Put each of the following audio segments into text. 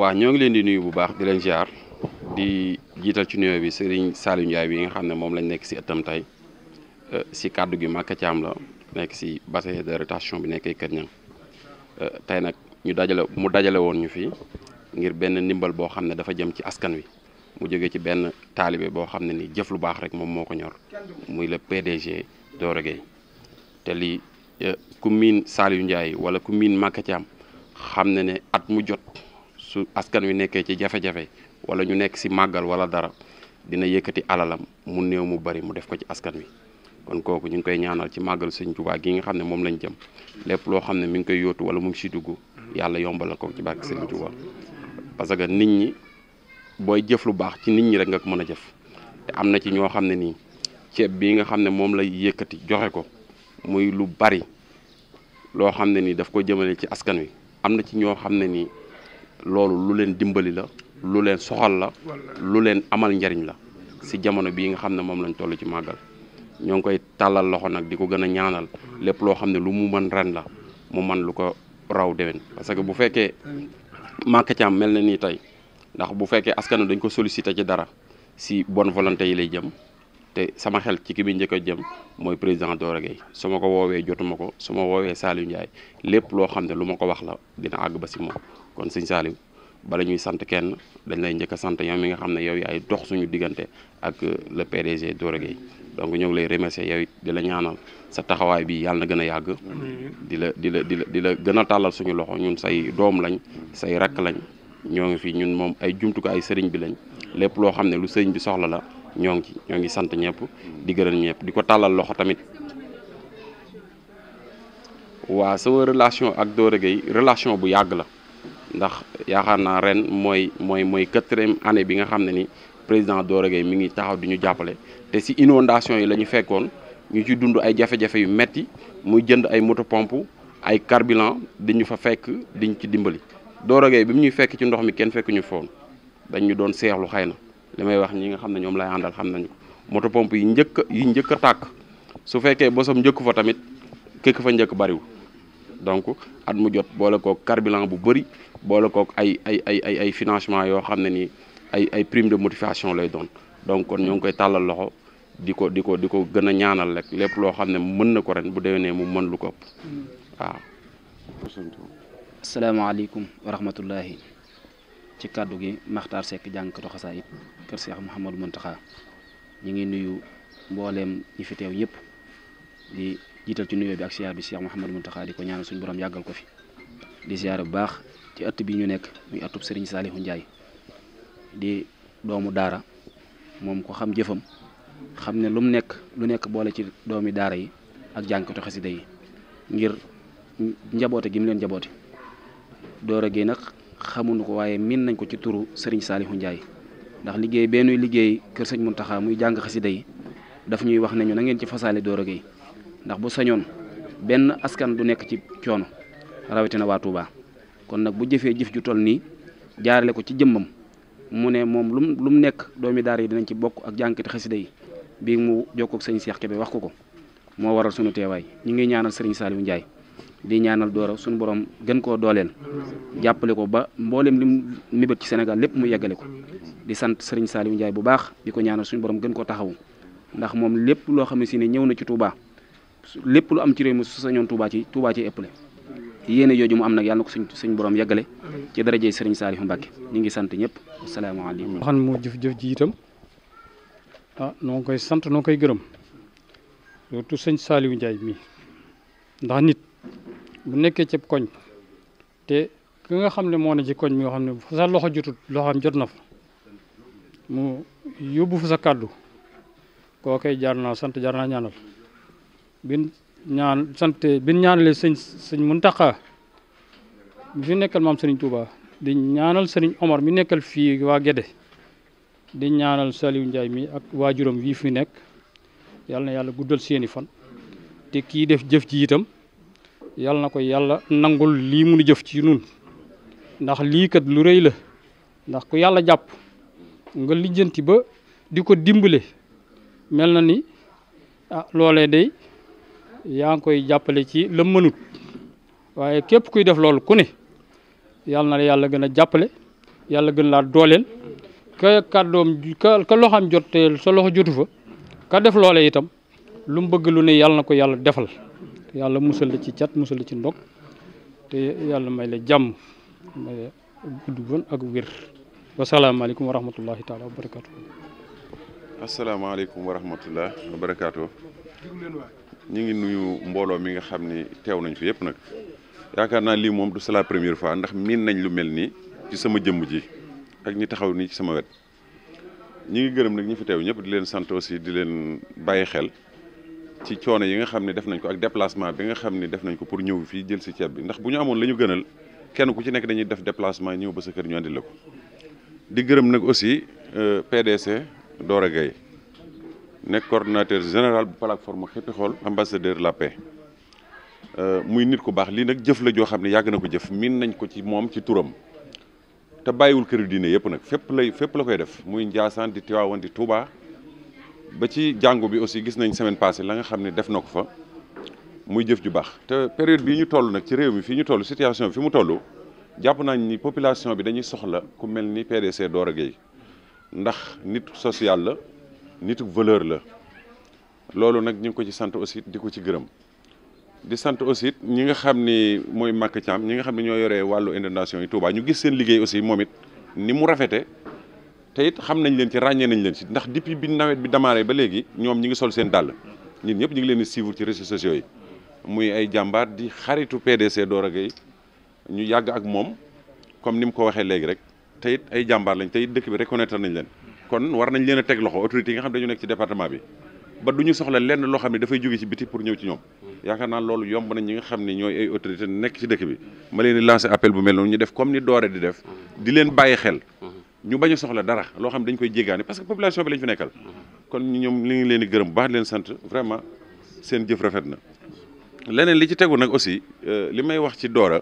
waa ñoo ngi leen di nuyu bu baax di leen ziar di jiital ci nuyoo bi Serigne Saliou Ndiaye bi nga xam ne moom lañ nekk si ëttam tey euh, si kàddu gi Maka Thiam la nekk si bassin de rétention bi nekkee Kër Niang euh, tey nag ñu dajale mu dajale woon ñu fi ngir benn ndimbal boo xam ne dafa jëm ci askan wi mu jóge ci benn taalibe boo xam ne ni jëf lu baax rek moom moo ko ñor muy le PDG Doro Gueye te lii euh, ku miin Saliou Ndiaye wala ku miin Maka Thiam xam ne ne at mu jot. su askan wi nekkee ci jafe-jafe wala ñu nekk si màggal wala dara dina yëkkati alalam mu néew mu bari mu def ko ci askan wi kon kooku ñu ngi koy ñaanal ci màggal sëñ Tuubaa gi nga xam ne moom lañ jëm lépp loo xam ne mi ngi koy yóotu wala mu ngi si dugg yàlla yombalal ko ci barke sëñ Tuubaa parce que nit ñi booy jëf lu baax ci nit ñi rek nga mën a jëf te am na ci ñoo xam ne nii ceeb bii nga xam ne moom lay yëkkati joxe ko muy lu bari loo xam ne nii daf ko jëmale ci askan wi am na ci ñoo xam ne nii loolu lu leen dimbali la lu leen soxal la lu leen amal njariñ la si jamono bii nga xam ne moom lañ toll ci màggal ñoo ngi koy tàllal loxo nag di ko gën a ñaanal lépp loo xam ne lu mu mën ren la mu mën lu ko raw déwén parce que bu fekkee Maka Thiam mel na nii tey ndax bu fekkee askan dañ ko sollicité ci dara si bonne volonté yi lay jëm te sama xel ci ki bi njëkk a jëm mooy président Doro Gueye su ma ko woowee jotuma ko su ma woowee Saliou Ndiaye lépp loo xam ne lu ma ko wax la dina àgg ba si moom kon sëñ Saliou bala ñuy sant kenn dañ lay njëkk a sant yow mi nga xam ne yow yaay dox suñu diggante ak euh, le PDG Doro Gueye donc ñoo lay remercier yow it di la ñaanal sa taxawaay bi yàlla na gën a yàgg di la di la di di la gën a tàllal suñu loxo ñun say doom lañ say rakk lañ ñoo ngi fi ñun moom ay jumtukaay sëriñ bi lañ lépp loo xam ne lu sëriñ bi soxla la ñoo ngi ñoo ngi sant ñëpp di gërëm ñëpp di ko tàllal loxo tamit waa sama relation ak Doro Gueye relation bu yàgg la ndax yaakaar naa ren mooy mooy mooy quatrième année bi nga xam ne ni président Doro Gaye mi ngi taxaw di ñu jàppale te si inondation yi la ñu fekkoon ñu ci dund ay jafe-jafe yu metti muy jënd ay moto pompe ay carburant di ñu fa fekk di ñu ci dimbali Doro Gaye bi mu ñuy fekk ci ndox mi kenn fekk ñu foon dañu doon seexlu xay na li may wax ñi nga xam ne ñoom lay àndal xam nañu ko moto pompe yi njëkk yi njëkk a tàkk su fekkee bosam njëkk fa tamit kékk fa njëkk bariwul donc at mu jot boole ko carburant bu bëri boole kook ay ay ay ay ay financement yoo xam ne nii ay ay prime de motivation lay doon donc kon ñoo ngi koy tàllal loxo di ko di ko di ko gën a ñaanal rek lépp loo xam ne mën na ko ren bu déwénee mu mën lu ko ëpp waaw. asalaamaaleykum wa rahmatullahi ci kàddu gi Maxtaar Seck jàngkatu xasaayid kër Cheikh Mouhamadou taxaa ñu ngi nuyu mbooleem ñu fi teew ñëpp di jiital ci nuyoo bi ak siyaar bi Cheikh Mouhamadou Mountakha di ko ñaanal suñ boroom yàggal ko fi di siyaar bu baax. ci ëtt bi ñu nekk muy ëttub sëriñ Saalihu Njaay di doomu daara moom ko xam jëfam xam ne lu mu nekk lu nekk boole ci doomi daara yi ak jànkatu xasida yi ngir njaboote gi mu leen njaboote Doro Gueye nag xamuñu ko waaye miin nañ ko ci turu sëriñ Saalihu Njaay ndax liggéey bennuy liggéey kër sëñ taxa muy jàng xasida yi daf ñuy wax nañu ñu na ngeen ci fasaale Doro Gueye ndax bu sañoon benn askan du nekk ci coono rawatina waa Touba. kon nag bu jëfee jëf ju toll nii jaarale ko ci jëmmam mu ne moom lum lu mu nekk doomi daar yi dinañ ci bokk ak jànkati xasida yi bii mu jokkoog sëñ Cheikh Kébé wax ko ko moo waral sunu teewaay ñu ngi ñaanal sëriñ Saliou Ndiaye di ñaanal doora suñu borom gën koo dooleel jàppale ko ba mboolem lim mébét ci Sénégal lépp mu yeggale ko di sant sëriñ Saliou Ndiaye bu baax di ko ñaanal suñu borom gën koo taxawu ndax moom lépp loo xam ne si ne ñëw na ci Touba lépp lu am ci réew mi su sañoon Touba ci Touba ci ëppale yéene jooju mu am nag yàlla na ko suñ suñ borom yeggale ci darajey sëriñ Saalihu Mbàkke ñu ngi sant ñëpp asalaamaaleykum waxan moo jëf-jëf ji itam ah koy sant noo koy gërëm surtout sëñ Saalihu Njaay mii ndax nit bu nekkee ci koñ te ki nga xam ne moo ne ci koñ mi nga xam ne fu sa loxo jotut loxoom jot na fa mu yóbbu fu sa kàddu koo koy jaar naa sant jaar naa ñaanal bin ñaan sant bi ñaanalee sëñ sëñ Muntaxa bi fi nekkal maam Serigne Touba di ñaanal Serigne omor mi nekkal fii waa Gédé di ñaanal Saliou Ndiaye mi ak waajuram wii fi nekk yal na yàlla guddal seeni fan te kii def jëf ji itam yal na ko yàlla nangul lii mu jëf ci nun ndax lii kat lu rëy la ndax ku yàlla jàpp nga lijjanti ba di ko dimbale mel na ni ah loolee day yaa ngi koy jàppale ci la mënut waaye képp kuy def loolu ku ne yàlla na yàlla gën a jàppale yàlla gën laa dooleel ka kàddoom ka ka loxoom jot sa loxo jotu fa ka def loole itam lu mu bëgg lu ne yàlla na ko yàlla defal yàlla musal la ci cat musal la ci ndog te yàlla may la jàmm may la gudd gën ak wér wasalaamaaleykum wa rahmatullahi taala wa ñu ngi nuyu mbooloo mi nga xam ni teew nañ fi yëpp nag yaakaar naa lii moom du c'est première fois ndax miin nañ lu mel nii ci sama jëmm ji ak ñi taxaw nii ci sama wet ñi ngi gërëm nag ñi fi teew ñëpp di leen sant aussi di leen bàyyi xel ci coono yi nga xam ne def nañ ko ak déplacement bi nga xam ni def nañ ko pour ñëw fii jël si ceeb bi ndax bu ñu amoon la ñu gënal kenn ku ci nekk dañuy def déplacement ñëw ba sa kër ñu andi la ko di gërëm nag aussi euh, PDC Dora gay nekk coordonnateur général bu plateforme xippi xool ambassadeur la paix euh, muy nit ku baax lii nag jëf la joo xam ne yàgg na ko jëf miin nañ ko ci moom ci turam te bàyyiwul këru diine yëpp nag fépp lay fépp la koy def muy Ndiassane di Tivaouane di Touba ba ci jàngu bi aussi gis nañ semaine passée la nga xam ne def na ko fa muy jëf ju baax te période bii ñu toll nag ci réew mi fii ñu toll situation bi fi mu toll jàpp nañ ni population bi dañuy soxla ku mel ni PDC Dora Gueye ndax nit social la nitu valeur la loolu nag ñu ngi ko ci sant aussi di ko ci gërëm di sant aussi ñi nga xam ni mooy Màkk Thiam ñi nga xam ne ñoo yore wàllu inondation yi Touba ñu gis seen liggéey aussi moom it ni mu rafete te it xam nañ leen ci ràññee nañ leen ci ndax depuis bi nawet bi démarré ba léegi ñoom ñi ngi sol seen dàll ñun ñëpp ñu ngi leen di suivre ci réseaux sociaux yi muy ay jàmbaar di xaritu PDC a Gueye ñu yàgg ak moom comme ni mu ko waxee léegi rek te it ay jàmbaar lañ te it dëkk bi reconnaître nañ leen kon war nañ leen a teg loxo autorités nga xam ne dañu nekk ci département bi ba du ñu soxla lenn loo xam ne dafay jóge ci biti pour ñëw ci ñoom yaakaar naa loolu yomb na ñi xam ne ñooy ay autorité nekk ci dëkk bi ma leen di lancé appel bu mel noonu ni doore di def di leen bàyyi ñu bañ soxla dara loo xam ne dañ koy jéggaani parce que population bi lañ fi nekkal kon ñoom li ngi leen gërëm baax leen sant vraiment seen jëf rafet na leneen li ci tegu nag aussi euh, li may wax ci doora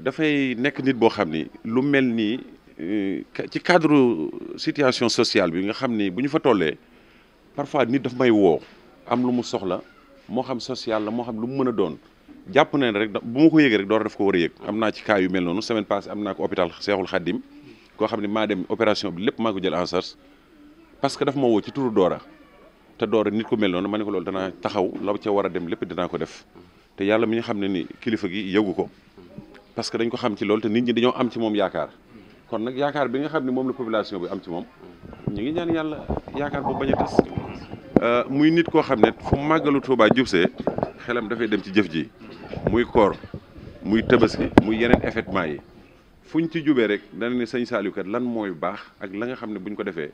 dafay nekk nit boo xam ni lu mel nii Euh, ci cadre situation sociale bi nga xam ni bu ñu fa tollee parfois nit daf may woo am lu mu soxla moo xam social la moo xam lu mu mën a doon jàpp na rek bu mu ko yëgee rek door daf ko war a yëg am naa ci cas yu mel noonu semaine passée am naa ko hôpital Seexul Xaddim ko xam ne maa dem opération bi lépp maa ko jël en charge parce que daf ma woo ci turu Doora te Doora nit ko mel noonu ma ne ko loolu danaa taxaw la ca war a dem lépp dinaa ko def te yàlla mi ñu xam ne ni kilifa gi yëgu ko parce que dañ ko xam ci loolu te nit ñi dañoo am ci moom yaakaar kon nag yaakaar bi nga xam ne moom la population bi am ci moom ñu ngi ñaan yàlla yaakaar boobu bañ a tas euh, muy nit koo xam ne fu màggalu Tuubaa jubsee xelam dafay dem ci jëf ji muy koor muy tabaski muy yeneen événement yi fu ñu ci jubee rek dana ne sëñ Saliou lan mooy baax ak la nga xam ne bu ñu ko defee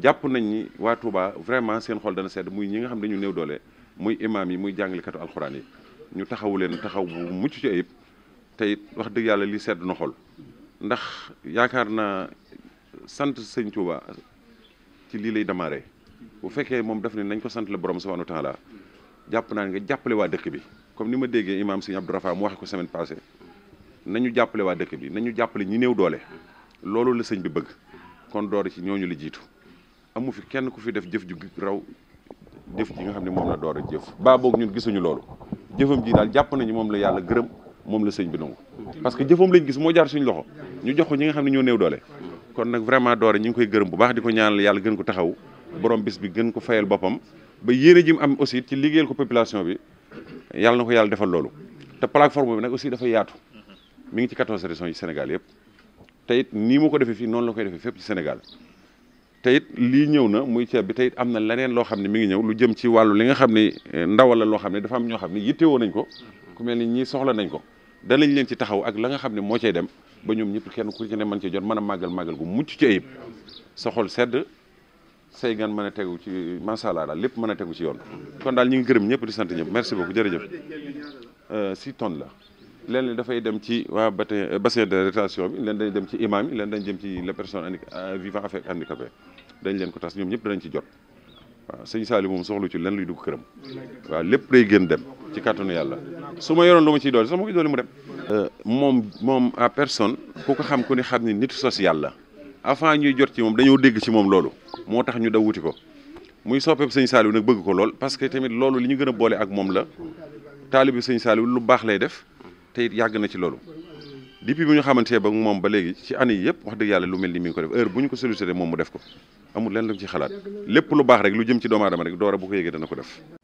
jàpp nañ ni waa Touba vraiment seen xol dana sedd muy ñi nga xam ne dañu néew doole muy imaam yi muy jàngalekatu alxuraan yi ñu taxawu leen taxaw bu mucc ci ayib te wax dëgg yàlla li sedd na xol ndax yaakaar na sant sëñ Touba ci lii lay démarré bu fekkee moom daf ne nañ ko sant la borom subhanahu wa taala jàpp naa nga jàppale waa dëkk bi comme ni ma déggee imaam sëñ Abdou Rafa mu waxe ko semaine passée nañu jàppale waa dëkk bi nañu jàppale ñi néew doole loolu la sëñ bi bëgg kon door ci ñooñu la jiitu amu fi kenn ku fi def jëf ju raw jëf ji nga xam ne moom la door a jëf baa boog ñu gisuñu loolu jëfam ji daal jàpp nañu moom la yàlla gërëm moom la sëñ bi nangu parce que jëfam lañ gis moo jaar suñu loxo ñu jox ko ñi nga xam ne ñoo new doole kon nag vraiment doore ñu ngi koy gërëm bu baax di ko ñaanal yàlla gën ko taxaw borom bis bi gën ko fayal boppam ba yéene ji mu am aussi ci liggéeyal ko population bi yàlla na ko yàlla defal loolu te plateforme bi nag aussi dafa yaatu mu ngi ci 14 régions yi Sénégal yëpp te it nii mu ko defee fii noonu la koy defee fépp ci Sénégal te it lii ñëw na muy ceeb bi te am na leneen loo xam ne mi ngi ñëw lu jëm ci wàllu li nga xam ne eh, ndawal loo xam ne am ñoo xam ne yittewoo nañ ko ku mel ni ñii soxla nañ ko danañ leen ci taxaw ak langa nga xam ne moo cay dem ba ñoom ñëpp kenn ku ci ne mën cee jot mën a màggal màggal gu mucc ci ayib sa xol sedd say gan mën a tegu ci macha allah daal lépp mën a tegu ci yoon. kon daal ñu ngi gërëm ñëpp di sant ñëpp merci beaucoup jërëjëf euh, si tonne la. leen dafay dem ci waa batin euh, bassin de rétention bi leen dañ dem ci imam yi leen dañ jëm ci les a vivant avec handicapé dañ leen ko tas ñoom ñëpp danañ ci jot waaw sëñ Saliou moom soxlu ci len luy dugg këram waaw lépp day gën dem ci kàttanu yàlla su ma yoroon lu ma ciy doole sax ma mu dem. Euh, moom moom à personne ku ko xam ku ne xam ni nit social la avant ñuy jot ci moom dañoo dégg ci moom loolu moo tax ñu daw wuti ko muy soppeeku sëñ Saliou nag bëgg ko lool parce que tamit loolu li ñu gën a boole ak moom la taalibi sëñ Saliou lu baax lay def te it na ci loolu. depuis bi ñu xamante ba ba léegi ci année yëpp wax dëgg yàlla lu mel ni mi ngi ko def heure moom mu def ko. amul lenn lu ci xalaat lépp lu baax rek lu jëm ci doomu aadama rek doora bu ko yëgee dana ko def